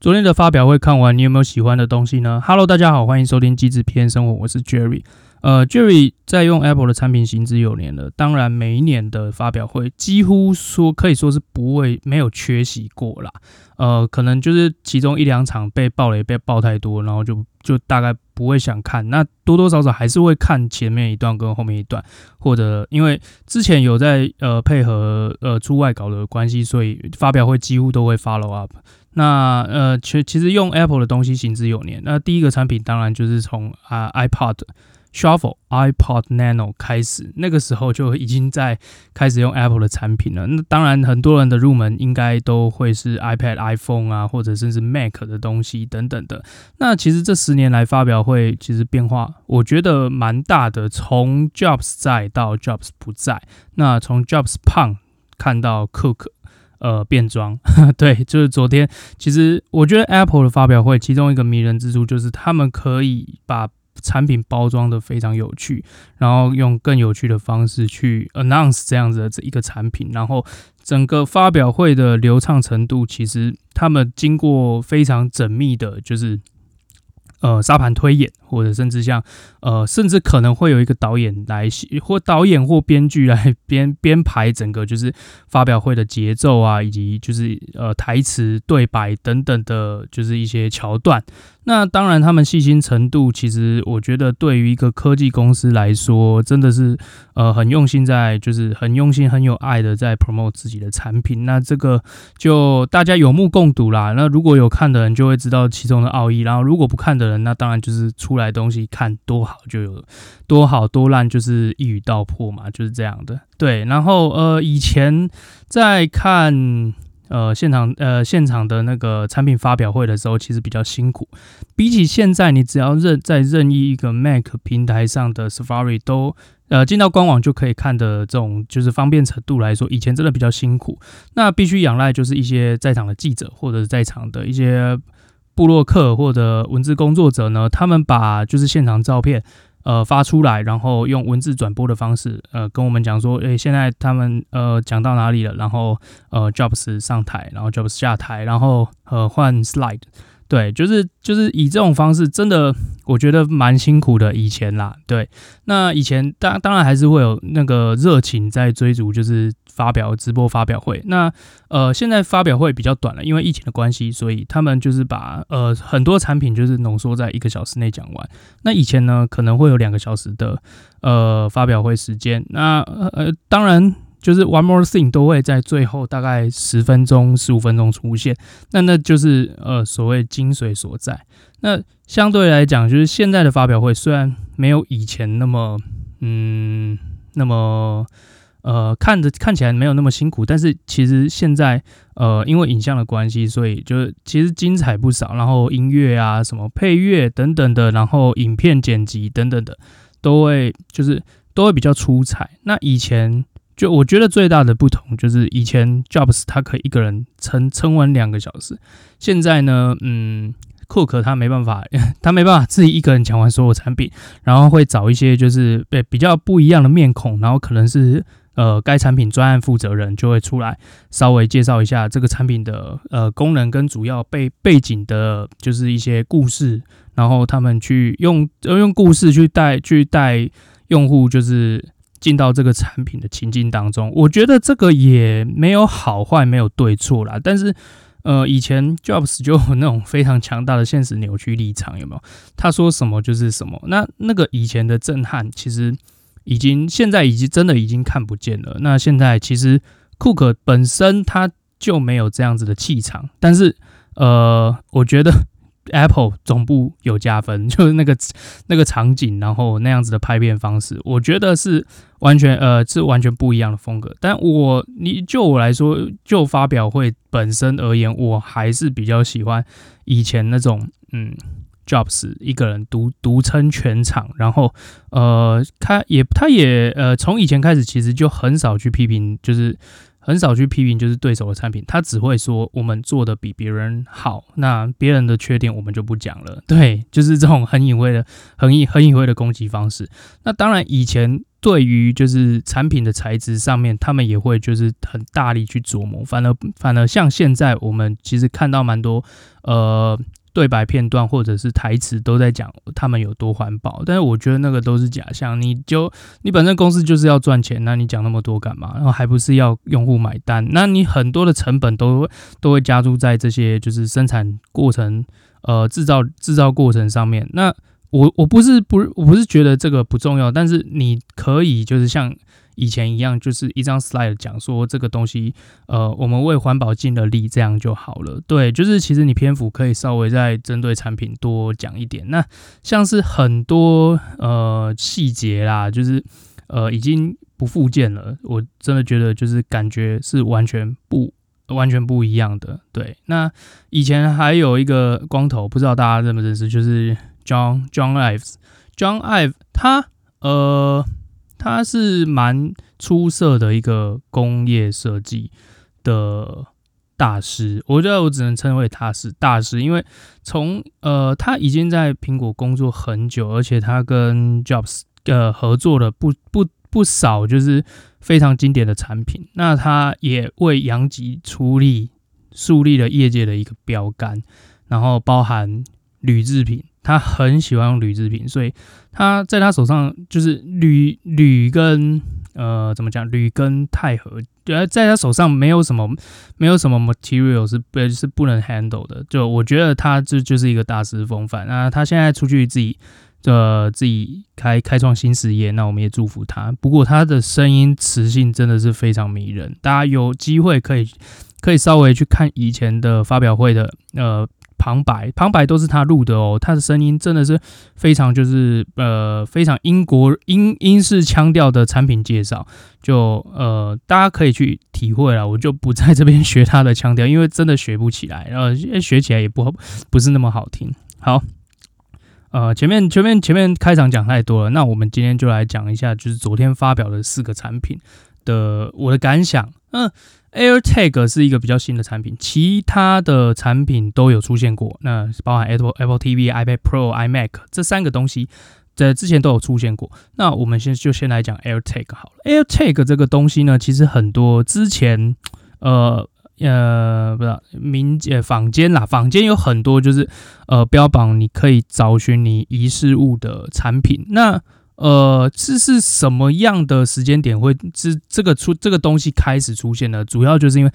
昨天的發表會看完，你有沒有喜歡的東西呢？Hello，大家好，歡迎收聽《機智片生活》，我是 Jerry。呃，Jerry 在用 Apple 的產品行之有年了。當然，每一年的發表會幾乎說可以說是不會沒有缺席過啦。呃，可能就是其中一兩場被爆雷被爆太多，然後就就大概不會想看。那多多少少還是會看前面一段跟後面一段，或者因為之前有在呃配合呃出外稿的關係，所以發表會幾乎都會 follow up 那。那呃，其其實用 Apple 的東西行之有年。那第一個產品當然就是從啊 iPod，呃 iP Shuffle iPod Nano 開始，那個時候就已經在開始用 Apple 的產品了。那當然，很多人的入門應該都會是 iPad、iPhone 啊，或者甚至 Mac 的東西等等的。那其實這十年來，發表會其實變化，我覺得蠻大的。從 Jobs 在到 Jobs 不在，那從 Jobs 胖看到 Cook，呃，變裝。 對，就是昨天。其實我覺得 Apple 的發表會，其中一個迷人之處就是他們可以把。產品包裝的非常有趣，然後用更有趣的方式去 announce 這樣子的這一個產品，然後整個發表會的流暢程度，其實他們經過非常縝密的，就是呃沙盤推演。或者甚至像呃，甚至可能會有一個導演來或導演或編劇來編編排整個就是發表會的節奏啊，以及就是呃台詞對白等等的，就是一些橋段。那當然，他們細心程度，其實我覺得對於一個科技公司來說，真的是呃很用心在，就是很用心很有愛的在 promote 自己的產品。那這個就大家有目共睹啦。那如果有看的人就會知道其中的奧義，然後如果不看的人，那當然就是出。出來東西看多好就有多好，多爛就是一語道破嘛，就是這樣的。對，然後呃，以前在看呃現場呃現場的那個產品發表會的時候，其實比較辛苦，比起現在，你只要認在任意一個 Mac 平台上的 Safari 都呃進到官網就可以看的這種，就是方便程度來說，以前真的比較辛苦。那必須仰賴就是一些在場的記者或者在場的一些。部落客或者文字工作者呢，他們把就是現場照片，呃發出來，然後用文字轉播的方式，呃跟我們講說，誒、欸，現在他們呃講到哪裡了？然後呃，Jobs 上台，然後 Jobs 下台，然後呃換 slide。對，就是就是以這種方式，真的我覺得蠻辛苦的。以前啦，對，那以前當當然還是會有那個熱情在追逐，就是發表直播發表會。那呃，現在發表會比較短了，因為疫情的關係，所以他們就是把呃很多產品就是濃縮在一個小時內講完。那以前呢，可能會有兩個小時的呃發表會時間。那呃，當然。就是 one more thing 都會在最後大概十分鐘、十五分鐘出現，那那就是呃所謂精髓所在。那相對來講，就是現在的發表會雖然沒有以前那麼嗯那麼呃看着看起來沒有那麼辛苦，但是其實現在呃因為影像的關係，所以就是其實精彩不少。然後音樂啊什麼配樂等等的，然後影片剪輯等等的都會就是都會比較出彩。那以前。就我覺得最大的不同就是以前 Jobs 他可以一個人撐撐完兩個小時，現在呢，嗯，Cook 他沒辦法，他沒辦法自己一個人講完所有產品，然後會找一些就是對、欸、比較不一樣的面孔，然後可能是呃該產品專案負責人就會出來稍微介紹一下這個產品的呃功能跟主要背背景的，就是一些故事，然後他們去用、呃、用故事去帶去帶用戶就是。進到這個產品的情境當中，我覺得這個也沒有好壞，沒有對錯啦。但是，呃，以前 Jobs 就有那種非常強大的現實扭曲力場，有沒有？他說什麼就是什麼。那那個以前的震撼，其實已經現在已經真的已經看不見了。那現在其實庫克本身他就沒有這樣子的氣場，但是，呃，我覺得。Apple 總部有加分，就是那個那個場景，然後那樣子的拍片方式，我覺得是完全呃是完全不一樣的風格。但我你就我來說，就發表會本身而言，我還是比較喜歡以前那種嗯，Jobs 一個人獨獨撐全場，然後呃，他也他也呃從以前開始其實就很少去批評，就是。很少去批評就是對手的產品，他只會說我們做的比別人好，那別人的缺點我們就不講了。對，就是這種很隱晦的、很隱很隱晦的攻擊方式。那當然，以前對於就是產品的材質上面，他們也會就是很大力去琢磨。反而反而像現在，我們其實看到蠻多呃。對白片段或者是台詞都在講他們有多環保，但是我覺得那個都是假象。你就你本身公司就是要賺錢，那你講那麼多幹嘛？然後還不是要用戶買單？那你很多的成本都都會加注在這些就是生產過程、呃，制造製造過程上面。那我我不是不，我不是覺得這個不重要，但是你可以就是像。以前一樣，就是一張 slide 講說這個東西，呃，我們為環保盡了力，這樣就好了。對，就是其實你篇幅可以稍微再針對產品多講一點。那像是很多呃細節啦，就是呃已經不復見了。我真的覺得就是感覺是完全不完全不一樣的。對，那以前還有一個光頭，不知道大家認不認識，就是 John John Ive John Ive 他呃。他是蠻出色的一個工業設計的大師，我覺得我只能稱為他是大師，因為從呃他已經在蘋果工作很久，而且他跟 Jobs 呃合作了不不不少，就是非常經典的產品。那他也為陽極出力，樹立了業界的一個標桿，然後包含鋁製品。他很喜歡用鋁製品，所以他在他手上就是鋁鋁跟呃怎麼講，鋁跟鈦合，呃在他手上沒有什麼沒有什麼 material 是不，是不能 handle 的。就我覺得他就就是一個大師風範，那他現在出去自己呃自己開開創新事業，那我們也祝福他。不過他的聲音磁性真的是非常迷人，大家有機會可以可以稍微去看以前的發表會的呃。旁白，旁白都是他錄的哦，他的聲音真的是非常，就是呃，非常英國英英式腔調的產品介紹，就呃，大家可以去體會了，我就不在這邊學他的腔調，因為真的學不起來，然後，呃，學起來也不不是那麼好聽。好，呃，前面前面前面開場講太多了，那我們今天就來講一下，就是昨天發表的四個產品的我的感想，嗯、呃。AirTag 是一個比較新的產品，其他的產品都有出現過。那包含 Apple Apple TV、iPad Pro、iMac 這三個東西，在之前都有出現過。那我們先就先來講 AirTag 好了。AirTag 這個東西呢，其實很多之前，呃呃，不知道、啊，民間坊間啦，坊間有很多就是呃標榜你可以找尋你遺失物的產品。那呃，這是什麼樣的時間點會是這個出這個東西開始出現呢？主要就是因為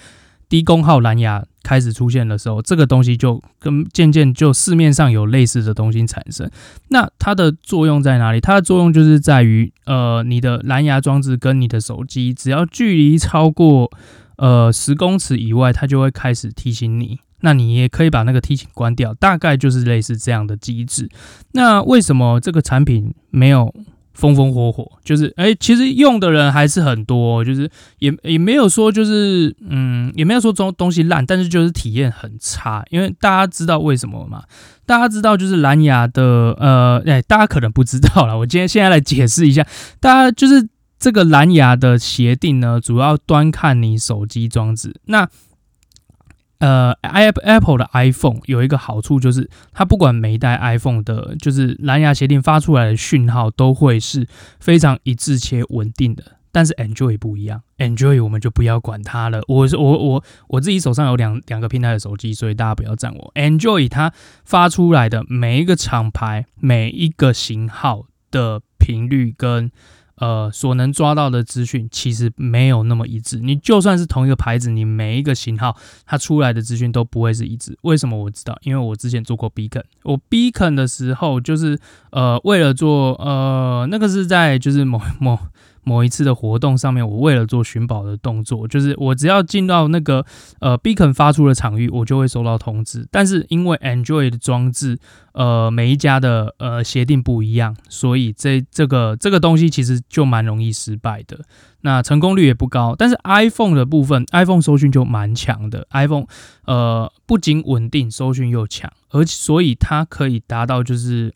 低功耗藍牙開始出現的時候，這個東西就跟漸漸就市面上有類似的東西產生。那它的作用在哪裡？它的作用就是在於，呃，你的藍牙裝置跟你的手機只要距離超過呃十公尺以外，它就會開始提醒你。那你也可以把那個提醒關掉，大概就是類似這樣的機制。那為什麼這個產品沒有？風風火火，就是哎、欸，其實用的人還是很多，就是也也沒有說就是嗯，也沒有說東東西爛，但是就是體驗很差，因為大家知道為什麼嗎？大家知道就是藍牙的呃，哎、欸，大家可能不知道啦，我今天現在來解釋一下，大家就是這個藍牙的協定呢，主要，要端看你手機裝置那。呃，Apple Apple 的 iPhone 有一個好處就是，它不管每一代 iPhone 的，就是藍牙協定發出來的訊號都會是非常一致且穩定的。但是 Android 不一樣，Android 我們就不要管它了我，我是我我我自己手上有兩兩個平台的手機，所以大家不要贊我。Android 它發出來的每一個廠牌、每一個型號的頻率跟。呃，所能抓到的資訊其實沒有那麼一致。你就算是同一個牌子，你每一個型號它出來的資訊都不會是一致。為什麼我知道？因為我之前做過 Beacon。我 Beacon 的時候就是呃，為了做呃，那個是在就是某某。某一次的活動上面，我為了做尋寶的動作，就是我只要進到那個呃 beacon 發出的場域，我就會收到通知。但是因為 Android 的裝置，呃，每一家的呃協定不一樣，所以這這個這個東西其實就蠻容易失敗的，那成功率也不高。但是 iPhone 的部分，iPhone 收訊就蠻強的，iPhone 呃不僅穩定，收訊又強，而且所以它可以達到就是。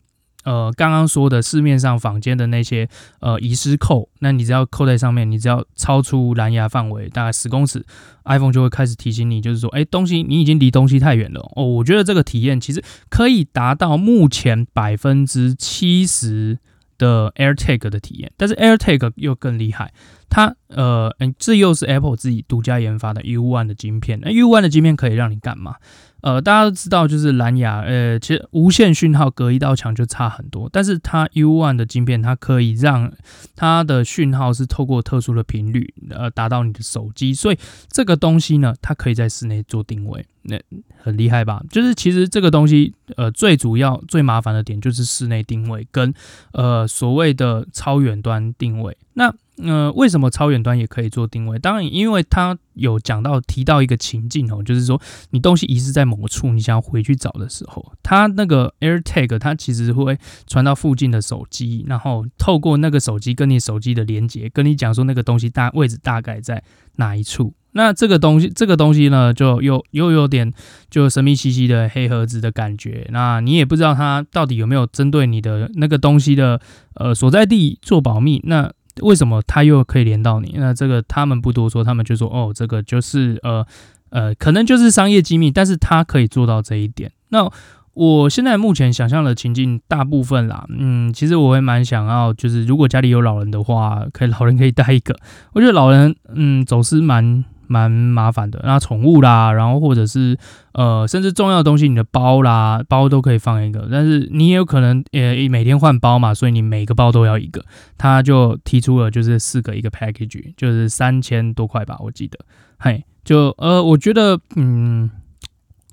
呃，剛剛說的市面上坊間的那些呃，遺失扣，那你只要扣在上面，你只要超出藍牙範圍大概十公尺，iPhone 就會開始提醒你，就是說，哎、欸，東西你已經離東西太遠了哦。我覺得這個體驗其實可以達到目前百分之七十的 AirTag 的體驗，但是 AirTag 又更厲害，它呃，嗯，這又是 Apple 自己獨家研發的 U1 的晶片。那、呃、U1 的晶片可以讓你幹嘛？呃，大家都知道，就是藍牙，呃，其實無線訊號隔一道牆就差很多。但是它 U1 的晶片，它可以讓它的訊號是透過特殊的頻率，呃，達到你的手機。所以這個東西呢，它可以在室內做定位，那、呃、很厲害吧？就是其實這個東西，呃，最主要最麻煩的點就是室內定位跟呃所謂的超遠端定位。那呃，為什麼超遠端也可以做定位？當然，因為它有講到提到一個情境哦，就是說你東西遺失在某處，你想要回去找的時候，它那個 AirTag 它其實會傳到附近的手機，然後透過那個手機跟你手機的連接，跟你講說那個東西大位置大概在哪一處。那這個東西，這個東西呢，就又又有點就神秘兮兮的黑盒子的感覺。那你也不知道它到底有沒有針對你的那個東西的呃所在地做保密。那為什麼他又可以連到你？那這個他們不多說，他們就說哦，這個就是呃呃，可能就是商業機密，但是他可以做到這一點。那我現在目前想象的情境大部分啦，嗯，其實我會蠻想要，就是如果家裡有老人的話，可以老人可以帶一個。我覺得老人嗯，走失蠻。蠻麻煩的，那寵物啦，然後或者是呃，甚至重要的東西，你的包啦，包都可以放一個。但是你也有可能，呃，每天換包嘛，所以你每個包都要一個。他就提出了就是四個一個 package，就是三千多塊吧，我記得。嘿，就呃，我覺得嗯，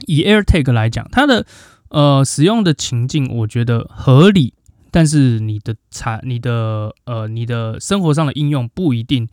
以 AirTag 來講，它的呃使用的情境我覺得合理，但是你的產、你的呃、你的生活上的應用不一定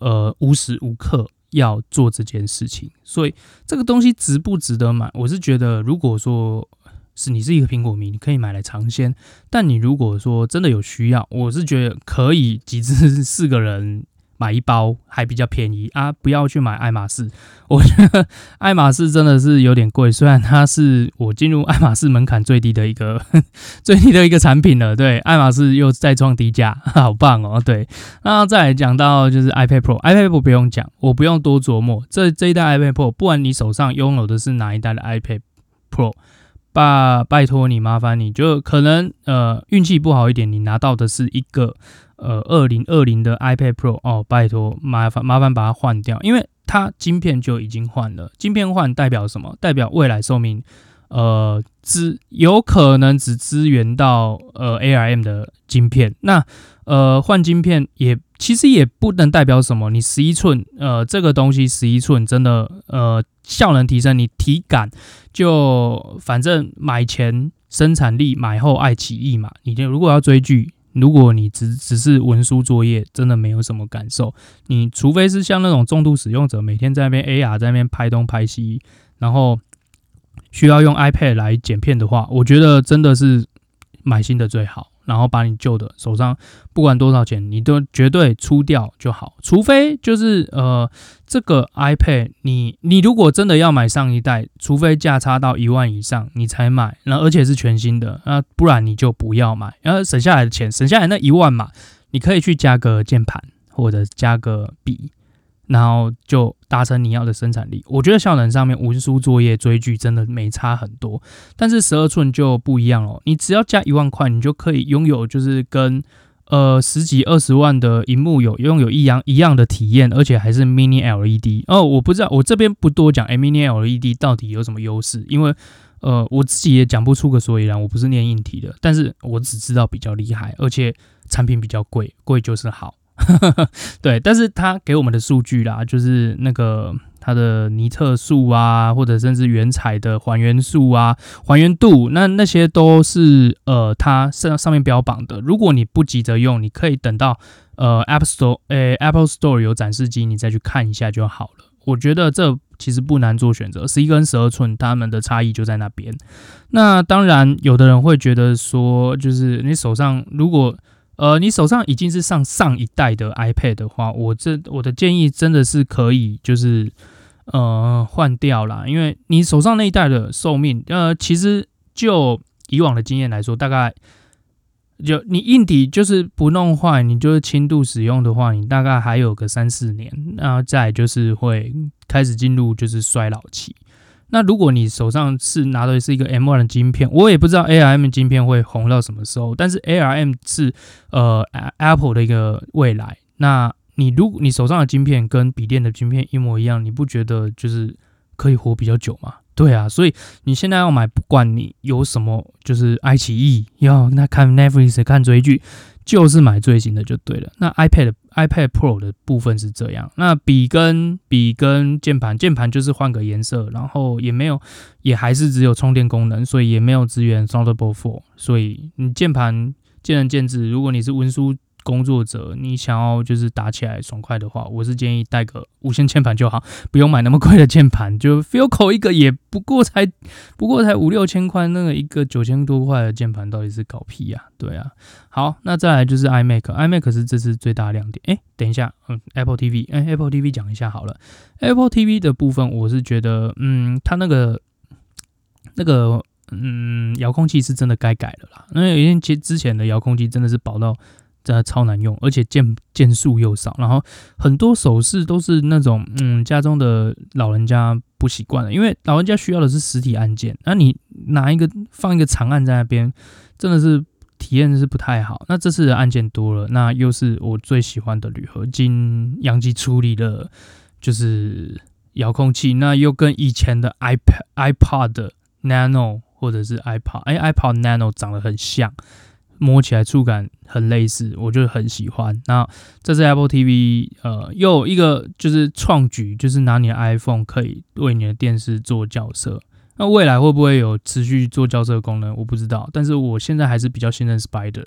呃無時無刻。要做這件事情，所以這個東西值不值得買？我是覺得，如果說是你是一個蘋果迷，你可以買來嘗鮮；但你如果說真的有需要，我是覺得可以集資四個人。買一包還比較便宜啊！不要去買愛馬仕，我覺得愛馬仕真的是有點貴。雖然它是我進入愛馬仕門檻最低的一個呵呵最低的一個產品了。對，愛馬仕又再創低價，好棒哦！對，那再來講到就是 iPad Pro，iPad Pro 不用講，我不用多琢磨。這這一代 iPad Pro，不管你手上擁有的是哪一代的 iPad Pro，爸，拜託你麻煩你就可能呃運氣不好一點，你拿到的是一個。呃，二零二零的 iPad Pro 哦，拜托麻煩麻煩把它換掉，因為它晶片就已經換了。晶片換代表什麼？代表未來壽命，呃，只有可能只支援到呃 ARM 的晶片。那呃換晶片也其實也不能代表什麼。你十一寸，呃，這個東西十一寸真的呃效能提升，你體感就反正買前生產力，買後愛奇藝嘛。你就如果要追劇。如果你只只是文書作業，真的沒有什麼感受。你除非是像那種重度使用者，每天在那邊 AR 在那邊拍東拍西，然後需要用 iPad 來剪片的話，我覺得真的是買新的最好。然後把你舊的手上不管多少錢，你都絕對出掉就好。除非就是呃，這個 iPad，你你如果真的要買上一代，除非價差到一萬以上，你才買。那而且是全新的，那不然你就不要買。然後省下來的錢，省下來那一萬嘛，你可以去加個鍵盤或者加個筆。然後就達成你要的生產力，我覺得效能上面文書作業追劇真的沒差很多，但是十二寸就不一樣哦，你只要加一萬塊，你就可以擁有就是跟呃十幾二十萬的熒幕有擁有一樣一樣的體驗，而且還是 Mini LED。哦，我不知道，我這邊不多講、欸、Mini LED 到底有什麼優勢？因為呃我自己也講不出個所以然，我不是念硬體的，但是我只知道比較厲害，而且產品比較貴，貴就是好。 對，但是它給我們的數據啦，就是那個它的尼特數啊，或者甚至原彩的還原數啊，還原度，那那些都是呃它上上面標榜的。如果你不急着用，你可以等到呃 Apple Store，哎、欸、Apple Store 有展示機，你再去看一下就好了。我覺得這其實不難做選擇，十一跟十二寸它們的差異就在那邊。那當然，有的人會覺得說，就是你手上如果。呃，你手上已經是上上一代的 iPad 的話，我這我的建議真的是可以就是呃換掉啦，因為你手上那一代的壽命，呃，其實就以往的經驗來說，大概就你硬體就是不弄壞，你就是輕度使用的話，你大概還有個三四年，然後再就是會開始進入就是衰老期。那如果你手上是拿的是一個 M1 的晶片，我也不知道 ARM 晶片會紅到什麼時候。但是 ARM 是呃 Apple 的一個未來。那你如果你手上的晶片跟筆電的晶片一模一樣，你不覺得就是可以活比較久嗎？對啊，所以你現在要買，不管你有什麼，就是愛奇藝要那看 Netflix 看追劇。就是買最新的就對了。那 iPad iPad Pro 的部分是這樣，那筆跟筆跟鍵盤，鍵盤就是換個顏色，然後也沒有，也還是只有充電功能，所以也沒有支援 Thunderbolt 4，所以你鍵盤見仁見智。如果你是文書，工作者，你想要就是打起來爽快的話，我是建議帶個無線鍵盤就好，不用買那麼貴的鍵盤。就 Filco 一個也不過才不過才五六千塊，那個一個九千多塊的鍵盤到底是搞屁呀、啊？對啊，好，那再來就是 iMac，iMac 是這次最大的亮點。誒、欸，等一下，嗯，Apple TV，誒、欸、，Apple TV 講一下好了。Apple TV 的部分，我是覺得，嗯，它那個那個嗯遙控器是真的該改了啦。那有些其之前的遙控器真的是薄到。真的超難用，而且鍵鍵數又少，然後很多手勢都是那種，嗯，家中的老人家不習慣的，因為老人家需要的是實體按鍵，那你拿一個放一個長按在那邊，真的是體驗是不太好。那這次的按鍵多了，那又是我最喜歡的鋁合金陽極處理的，就是遙控器，那又跟以前的 iPod、iPod Nano 或者是 iPod，哎、欸、，iPod Nano 長得很像。摸起來觸感很類似，我就很喜歡。那這是 Apple TV，呃，又一個就是創舉，就是拿你的 iPhone 可以為你的電視做校色。那未來會不會有持續做校色的功能，我不知道。但是我現在還是比較信任 Spider，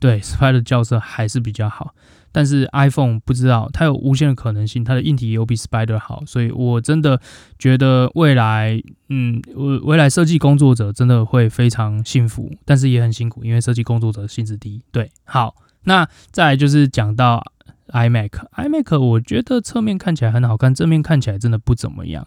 對 Spider 的校色還是比較好。但是 iPhone 不知道，它有無限的可能性，它的硬體有比 Spider 好，所以我真的覺得未來，嗯，我未來設計工作者真的會非常幸福，但是也很辛苦，因為設計工作者薪資低。對，好，那再來就是講到 iMac，iMac 我覺得側面看起來很好看，正面看起來真的不怎麼樣。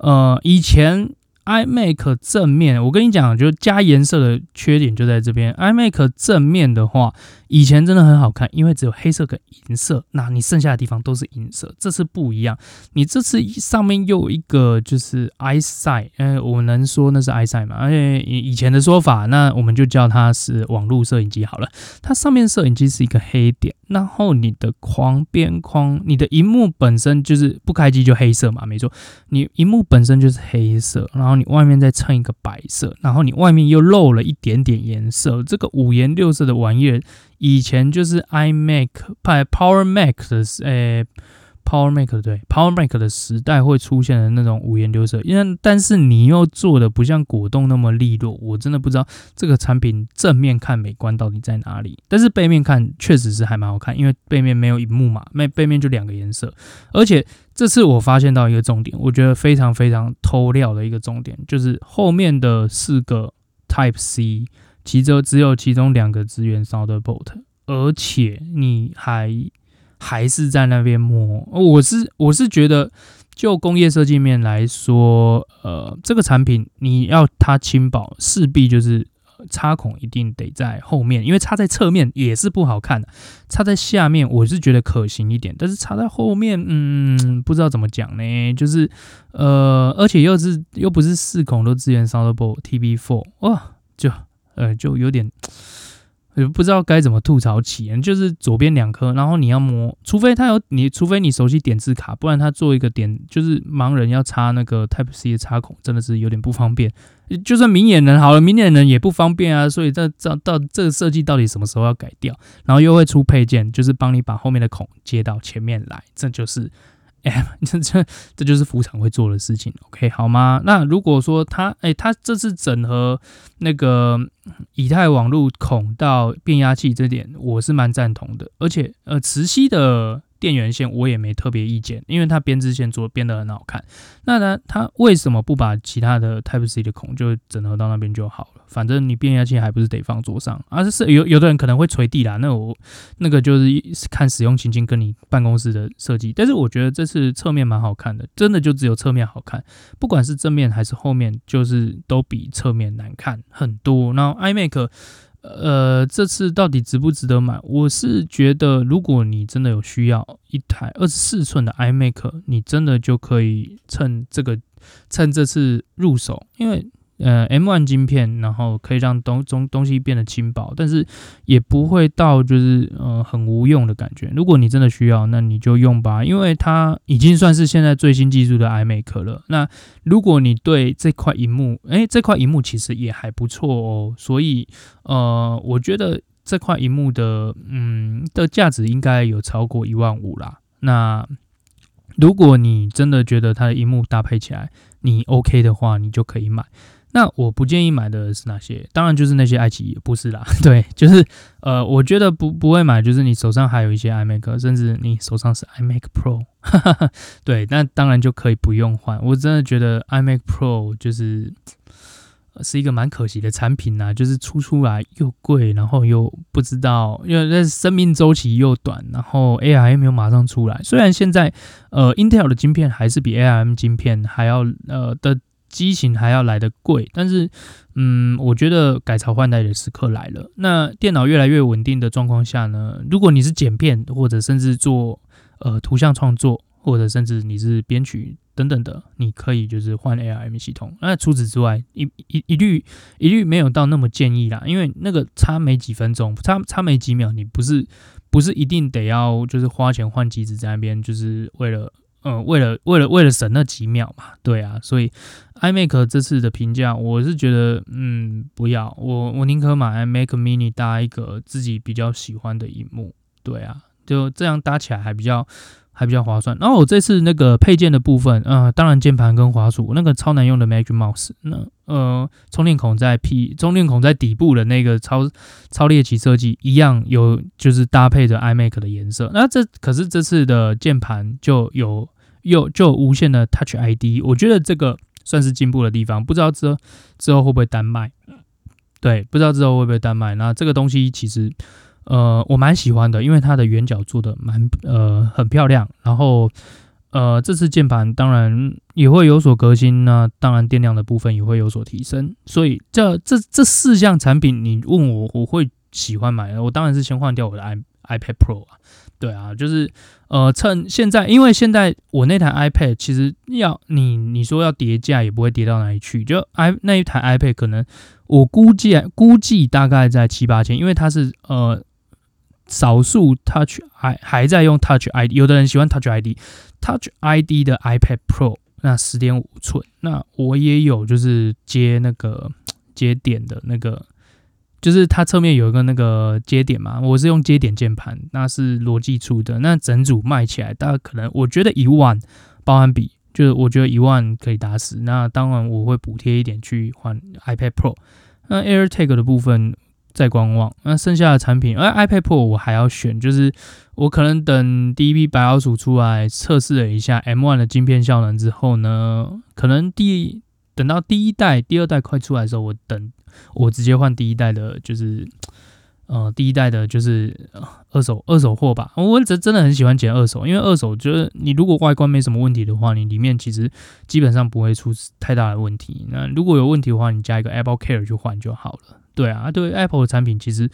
呃，以前。iMac 正面，我跟你講，就加顏色的缺點就在這邊。iMac 正面的話，以前真的很好看，因為只有黑色跟銀色，那你剩下的地方都是銀色。這次不一樣，你這次上面又有一個就是 iSight，哎、欸，我能說那是 iSight 嗎？而、欸、且以前的說法，那我們就叫它是網絡攝影機好了。它上面攝影機是一個黑點，然後你的框邊框，你的螢幕本身就是不開機就黑色嘛，沒錯，你螢幕本身就是黑色，然後。你外面再襯一個白色，然後你外面又露了一點點顏色，這個五顏六色的玩意兒，以前就是 iMac 拍 Power Mac 的、欸，誒。Power Mac 對，Power Mac 的時代會出現的那種五顏六色，因但是你又做的不像果凍那麼利落，我真的不知道這個產品正面看美觀到底在哪裡，但是背面看確實是還蠻好看，因為背面沒有螢幕嘛，背背面就兩個顏色，而且這次我發現到一個重點，我覺得非常非常偷料的一個重點，就是後面的四個 Type C，其中只有其中兩個支援 Thunderbolt 而且你還。還是在那邊摸，我是我是覺得，就工業設計面來說，呃，這個產品你要它輕薄，勢必就是插孔一定得在後面，因為插在側面也是不好看的，插在下面我是覺得可行一點，但是插在後面，嗯，不知道怎麼講呢，就是呃，而且又是又不是四孔都支援 Thunderbolt 4哇、哦，就呃就有點。也不知道該怎麼吐槽起，就是左邊兩顆，然後你要摸，除非它有你，除非你熟悉點字卡，不然它做一個點，就是盲人要插那個 Type C 的插孔，真的是有點不方便。就算明眼人好了，明眼人也不方便啊。所以這這到，到這個設計到底什麼時候要改掉？然後又會出配件，就是幫你把後面的孔接到前面來，這就是。欸、這這這就是副廠會做的事情，OK 好嗎？那如果說他，哎、欸，他這次整合那個以太網路孔到變壓器這點，我是蠻贊同的，而且呃，磁吸的。電源線我也沒特別意見，因為它編織線做編得很好看。那它它為什麼不把其他的 Type C 的孔就整合到那邊就好了？反正你變壓器還不是得放桌上而，啊，是有有的人可能會垂地啦。那我那個就是看使用情境跟你辦公室的設計。但是我覺得這次側面蠻好看的，真的就只有側面好看，不管是正面還是後面，就是都比側面難看很多。然後 iMac。呃，這次到底值不值得買？我是覺得，如果你真的有需要一台二十四寸的 iMac，你真的就可以趁這個，趁這次入手，因為。呃，M one 晶片，然後可以讓東東東西變得輕薄，但是也不會到就是呃很無用的感覺。如果你真的需要，那你就用吧，因為它已經算是現在最新技術的 I 美可了。那如果你對這塊熒幕，哎，這塊熒幕其實也還不錯哦，所以呃，我覺得這塊熒幕的嗯的價值應該有超過一萬五啦。那如果你真的覺得它的熒幕搭配起來你 OK 的話，你就可以買。那我不建議買的是哪些？當然就是那些愛奇藝，不是啦。對，就是呃，我覺得不不會買。就是你手上還有一些 iMac，甚至你手上是 iMac Pro，呵呵，對，那當然就可以不用換。我真的覺得 iMac Pro 就是是一個蠻可惜的產品啦、啊，就是出出來又貴，然後又不知道，因為生命周期又短，然後 ARM 又沒有馬上出來。雖然現在呃，Intel 的芯片還是比 ARM 芯片還要呃的。機型還要來得貴，但是，嗯，我覺得改朝換代的時刻來了。那電腦越來越穩定的狀況下呢？如果你是剪片或者甚至做呃圖像創作，或者甚至你是編曲等等的，你可以就是換 ARM 系統。那除此之外，一一一律一律沒有到那麼建議啦，因為那個差沒幾分鐘，差差沒幾秒，你不是不是一定得要就是花錢換機子在那邊，就是為了。嗯、呃，為了為了為了省那幾秒嘛，對啊，所以 iMac 這次的評價，我是覺得，嗯，不要，我我寧可買 iMac Mini 搭一個自己比較喜歡的熒幕，對啊，就這樣搭起來還比較還比較划算。然後我這次那個配件的部分，嗯、呃，當然鍵盤跟滑鼠那個超難用的 Magic Mouse，那呃，充電孔在 P，充電孔在底部的那個超超獵奇設計，一樣有就是搭配着 iMac 的顏色。那這可是這次的鍵盤就有。又就有無線的 Touch ID，我覺得這個算是進步的地方，不知道之後之後會不會單賣。對，不知道之後會不會單賣。那這個東西其實，呃，我蠻喜歡的，因為它的圓角做得蠻，呃，很漂亮。然後，呃，這次鍵盤當然也會有所革新，啊，那當然電量的部分也會有所提升。所以這這這四項產品，你問我我會喜歡買，我當然是先換掉我的 i iPad Pro 啊。對啊，就是，呃，趁現在，因為現在我那台 iPad 其實要你你說要跌價也不會跌到哪裡去，就 i 那一台 iPad 可能我估計估計大概在七八千，因為它是呃少數 Touch 還還在用 Touch ID，有的人喜歡 Touch ID, Touch ID，Touch ID 的 iPad Pro 那十點五寸，那我也有就是接那個接點的那個。就是它側面有一個那個接點嘛，我是用接點鍵盤，那是羅技出的。那整組賣起來，大概可能我覺得一萬包含比，就是我覺得一萬可以打死。那當然我會補貼一點去換 iPad Pro，那 AirTag 的部分再觀望。那剩下的產品，而 iPad Pro 我還要選，就是我可能等第一批白老鼠出來測試了一下 M1 的晶片效能之後呢，可能第。等到第一代、第二代快出來的時候，我等，我直接換第一代的，就是，呃，第一代的，就是二手二手貨吧。哦，我真真的很喜歡撿二手，因為二手，就是你如果外觀沒什麼問題的話，你裡面其實基本上不會出太大的問題。那如果有問題的話，你加一個 Apple Care 去換就好了。對啊，對於 Apple 的產品，其實，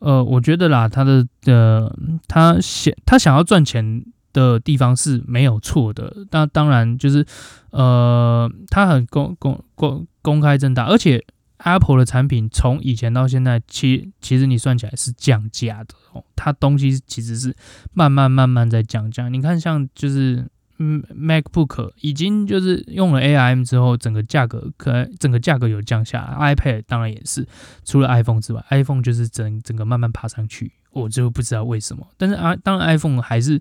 呃，我覺得啦，它的的，呃，它想它想要賺錢。的地方是沒有錯的，那當然就是，呃，它很公公公公開正大，而且 Apple 的產品從以前到現在，其其實你算起來是降價的哦，它東西其實是慢慢慢慢在降價。你看，像就是，嗯，MacBook 已經就是用了 ARM 之後，整個價格可整個價格有降下來，iPad 當然也是，除了 iPhone 之外，iPhone 就是整整個慢慢爬上去，我就不知道為什麼。但是，啊，當然 iPhone 還是。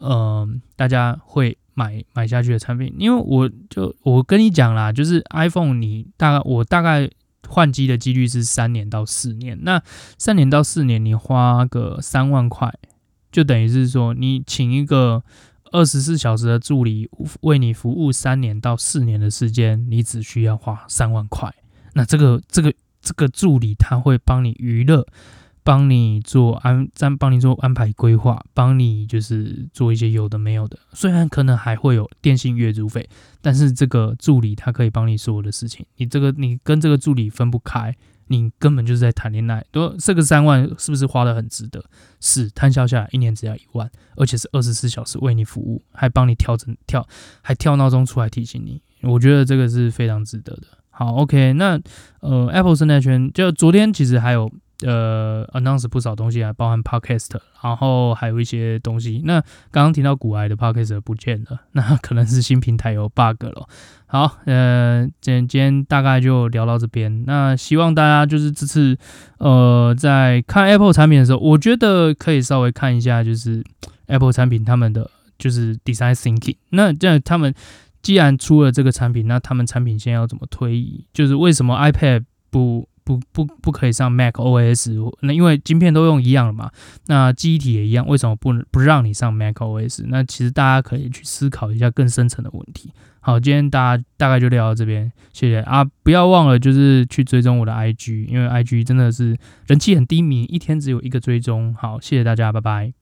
嗯、呃，大家會買買下去的產品，因為我就我跟你講啦，就是 iPhone，你大概我大概換機的幾率是三年到四年。那三年到四年，你花個三萬塊，就等於是說你請一個二十四小時的助理為你服務三年到四年的時間，你只需要花三萬塊。那這個這個這個助理他會幫你娛樂。幫你做安再幫你做安排規劃，幫你就是做一些有的沒有的。雖然可能還會有電信月租費，但是這個助理他可以幫你所有的事情。你這個你跟這個助理分不開，你根本就是在談戀愛。多這個三萬是不是花得很值得？是，攤銷下來一年只要一萬，而且是二十四小時為你服務，還幫你調整跳，還調鬧鐘出來提醒你。我覺得這個是非常值得的。好，OK，那呃，Apple 生態圈就昨天其實還有。呃，announce 不少東西啊，還包含 podcast，然後還有一些東西。那剛剛提到股癌的 podcast 不見了，那可能是新平台有 bug 了。好，呃，今天今天大概就聊到這邊。那希望大家就是這次，呃，在看 Apple 產品的時候，我覺得可以稍微看一下，就是 Apple 產品他們的就是 design thinking。那這樣他們既然出了這個產品，那他們產品線要怎麼推移？就是為什麼 iPad 不？不不不可以上 Mac OS，那因為晶片都用一樣了嘛，那記憶體也一樣，為什麼不不讓你上 Mac OS？那其實大家可以去思考一下更深層的問題。好，今天大家大概就聊到這邊，謝謝啊！不要忘了就是去追蹤我的 IG，因為 IG 真的是人氣很低迷，一天只有一個追蹤。好，謝謝大家，拜拜。